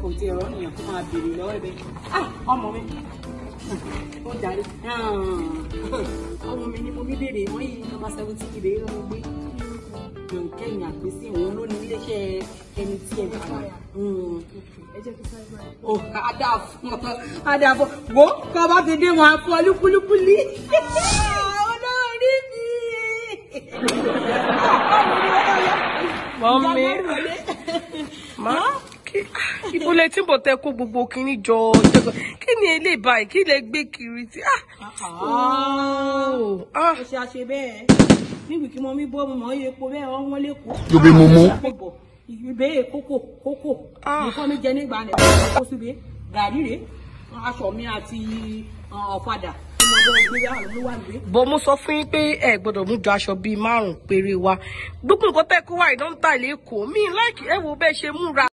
kò ti ọ̀rọ̀ nìyàn kó máa béèrè lọ́wọ́ ẹ̀bẹ̀ ah, ọmọ mi ó darí ah, ọmọ mi ni mo bí béèrè wọ́n yìí nọ́mbà seventy kìlẹ̀ yìí lọ́wọ́ gbé kẹ́yìn àpèsè òun ló ní iléeṣẹ́ ẹni tí ẹ bá wà. ó dáa fún ọ dáa fún ọ wo kọ́ bá ti dé wọn fún ọ lúkúlúkúlí. olórí mi. Ah, mọ́mí mọ́ kí ibo lẹ tí mo tẹ kini gbogbo kini jọ jẹgbọn kí ni ilé báyìí kí lẹ gbé kiri tí. ó ah! ah! ah! ṣe àṣe bẹ́ẹ̀ níbi kí mọ mi bọ́ mo mọ̀ ọ́ epo bẹ́ẹ̀ wọ́n lẹ́kọ̀ọ́. yóò bí mo mú. ìbéèrè kókò kókò nǹkan mi jẹ nígbà rẹ̀ kó síbi gàrí rèé aṣọ mi àti ọ̀fadà bọ́ mo sọ fún yín pé ẹ gbọ́dọ̀ mú ju aṣọ bíi márùn-ún péré wa gbogbo nǹkan tẹ́ kó wà ìdán tà lẹ́kọ̀ọ́ mi láìkí ẹ wo bẹ́ẹ̀ ṣe múra.